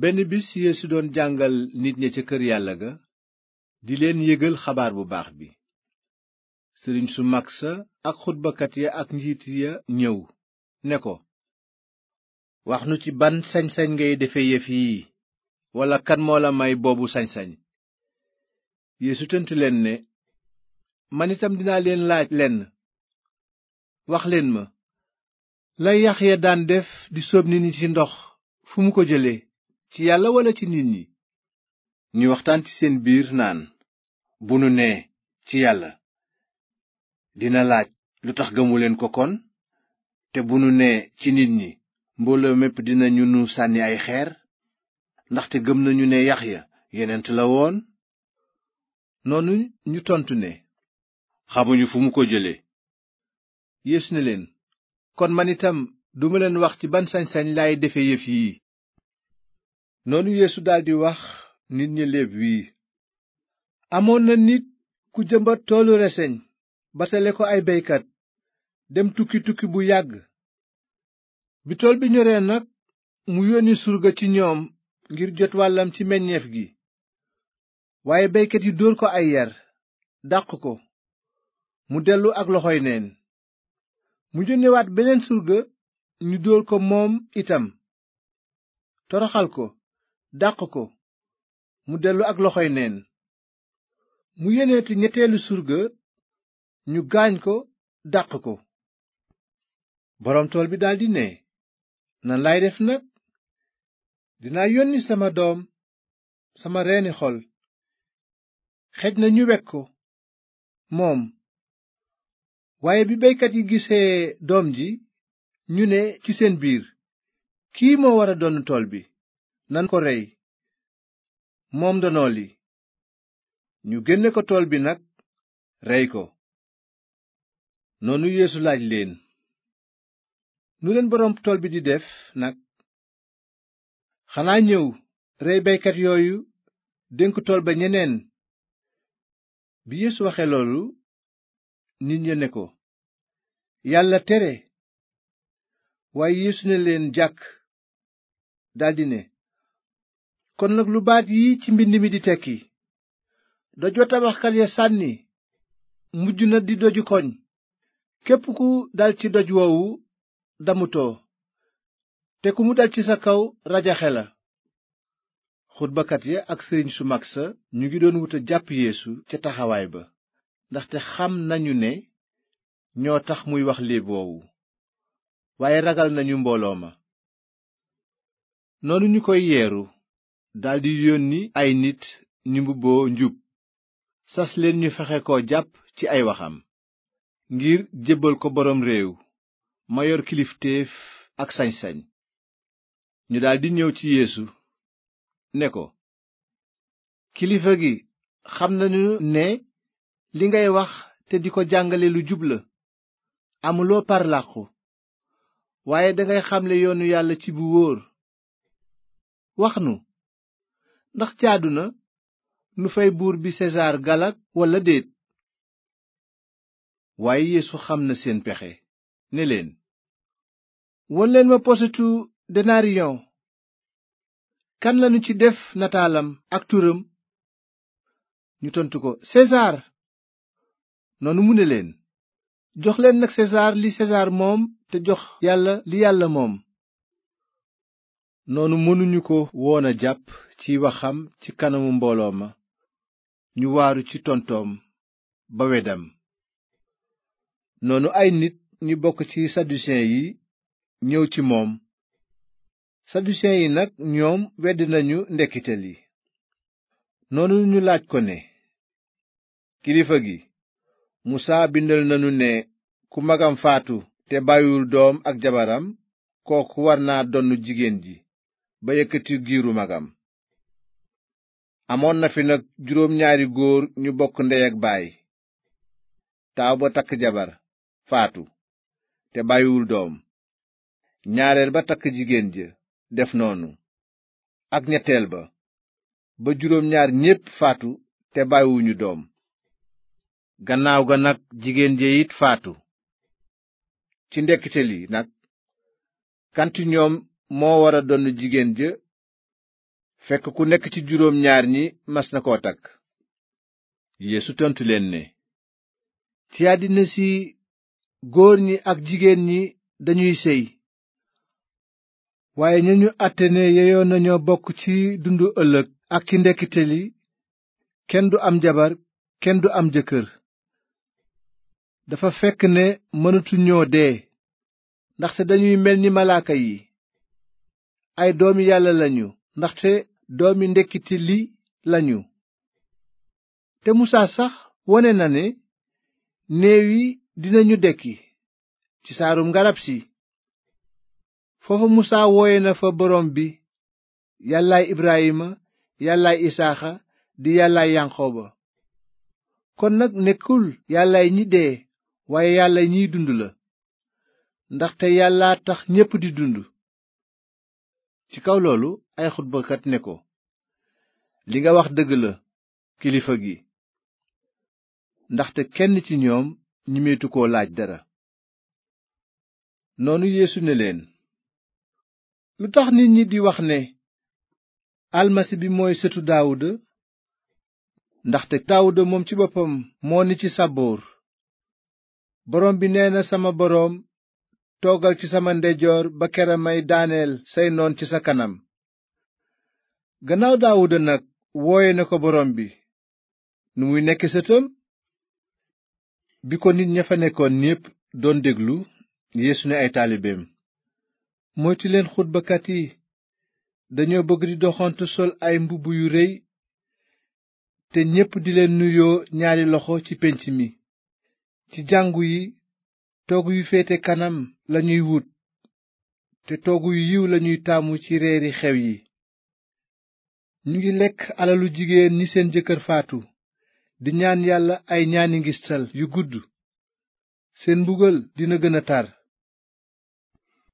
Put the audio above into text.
benn bis yeesu doon jàngal nit ña ca kër yàlla ga di leen yëgal xabaar bu baax bi sëriñ su mag sa ak xutbakat ya ak njiit ya ñëw ne ko wax nu ci ban sañ-sañ ngay defe yëf yii walla kan moo la may boobu sañ-sañ yeesu tontu leen ne man itam dinaa leen laaj lenn waxleen ma la lay ya daan def di sóob ni ñi ci ndox fu mu ko jëlee ci yàlla wala ci nit ñi ñuy waxtaan ci seen biir naan bu nu nee ci yàlla dina laaj lu tax gëmuleen ko kon te bu nu nee ci nit ñi mbooloo mépp dina ñu nu sànni ay xeer ndaxte gëm nañu ne ya yeneent la woon noonu ñu tontu ne xamuñu fu mu ko jële Yeesu ne leen kon wax ci ban sañ-sañ laay defe yëf yii noonu Yeesu daldi wax nit ñi léeb wii amoon na nit ku jëmbat toolu reseñ batale ko ay beykat dem tukki tukki bu yàgg bi tool bi ñoree nag mu yónni surga ci ñoom ngir jot wàllam ci meññeef gi waaye beykat yi dóor ko ay yar dàq ko mu dellu ak loxoy neen mu yónnewaat beneen surga ñu dóor ko moom itam toroxal ko dàq ko mu dellu ak loxoy neen mu yeneeti ñetteelu surga ñu gaañ ko dàq ko boroom tool bi daldi ne nan laay def nag dinaa yónni sama doom sama reeni xol xej na ñu wek ko moom waaye bi baykat yi gisee doom ji ñu ne ci seen biir kii moo wara donn tool bi nan ko rey moom ndono li ñu génne ko tool bi nag rey ko noonu yeesu laaj leen nu leen boroom tool bi di def nag xanaa ñëw rey baykat yooyu dénk tool ba ñeneen bi yéesu waxe loolu nit ña ne ko yàlla tere waaye yeesu ne leen jàkk daldi ne kon nag lu baat yi ci mbind mi di tekki doj wa tabaxkat ya sànni mujj na di doju koñ képp ku dal ci doj woowu damutoo te ku mu dal ci sa kaw rajaxe la xutbakat ya ak sëriñ su mag sa ñu ngi doon wuta jàpp yeesu ca taxawaay ba ndaxte xam nañu ne ñoo tax muy wax léeb woowu waaye ragal nañu mbooloo ma ñu koy yeeru daldi yónni ay nit ñu mbubboo njub sas leen ñu fexe ko jàpp ci ay waxam ngir jëbal ko boroom réew mayor kilifteef ak sañsañ ñu daldi ñëw ci yéesu ne ko kilifa gi xam nañu ne li ngay wax te di ko jàngale lu jub la amuloo parlaqu waaye dangay xamle yoonu yàlla ci bu wóor wax nu ndax jaadu na nu fay buur bi sesaar galak walla déet waaye yeesu xam na seen pexe ne leen won ma posetu denariyon kan lanu ci def nataalam ak turam ñu tontu ko sesaar noonu mu ne leen jox leen nag sesaar li sesaar moom te jox yàlla li yàlla moom noonu mënuñu ko woona jàpp ci waxam ci kanamu mbooloo ma ñu waaru ci tontoom ba wedam noonu ay nit ñu bokk ci sadusiyen yi ñëw ci moom sadusiyen yi nag ñoom wedd nañu ndekkite li noonu ñu laaj ko ne kilifa gi musaa bindal nañu ne ku magam faatu te bàyyiwul doom ak jabaram kooku war naa donn jigéen ji ba yëkkati giiru magam amoon na fi nag juróom ñaari góor ñu bokk ndey ak baay taaw ba takk jabar faatu te bàyyiwul doom ñaareel ba takk jigéen ja def noonu ak ñetteel ba ba juróom ñaar ñépp faatu te bàyyiwuñu doom gannaaw ga nag jigéen ja faatu ci ndekkite li nag kan ñoom moo wara donn jigéen ja fekk ku nekk ci juróom ñaar ñi mas na koo takk yéesu tontu leen ne ci àddina si góor ñi ak jigéen ñi dañuy séy waaye ña ñu àtte ne yeyoo nañoo bokk ci dundu ëllëg ak ci ndekkite li kenn du am jabar kenn du am jëkkër dafa fekk ne mënatuñoo dee ndaxte dañuy mel ni malaaka yi ay doomi yàlla lañu ndaxte doomi ndekkite lii lañu te musaa sax wone na ne néew yi dinañu dekki ci saarum garab si foofu musaa wooye na fa boroom bi yàllaay ibrahima yàllaay isaaxa di yàllaay yanqooba kon nag nekkul yàllaay ñi dee waaye yàlla ñiy dund la ndaxte yàllaa tax ñépp di dund ci kaw loolu ay xutbakat ne ko li nga wax dëgg la kilifa gi ndaxte kenn ci ñoom ñimeetu ko laaj dara noonu yeesu ne leen lu tax nit ñi di wax ne almasi bi mooy sëtu daawuda ndaxte daawuda moom ci boppam moo ni ci saboor borom bi nee na sama boroom toogal ci sama ndeyjoor ba kera may daaneel say noon ci sa kanam gannaaw daawuda nag wooye na ko boroom bi nu muy nekke sëtam bi ko nit ña fa nekkoon ñépp doon déglu yeesu ne ay taalibeem moytu leen xutbakat yi dañoo bëgg di doxantu sol ay mbubb yu rëy te ñépp di leen nuyoo ñaari loxo ci pénc mi ci jàngu yi toog yu féete kanam lañuy wut te toogu yu yiw lañuy taamu ci reeri xew yi ñu ngi lekk alalu jigéen ñi seen jëkkër faatu di ñaan yàlla ay ñaani ngistal yu gudd seen mbugal dina gën a tar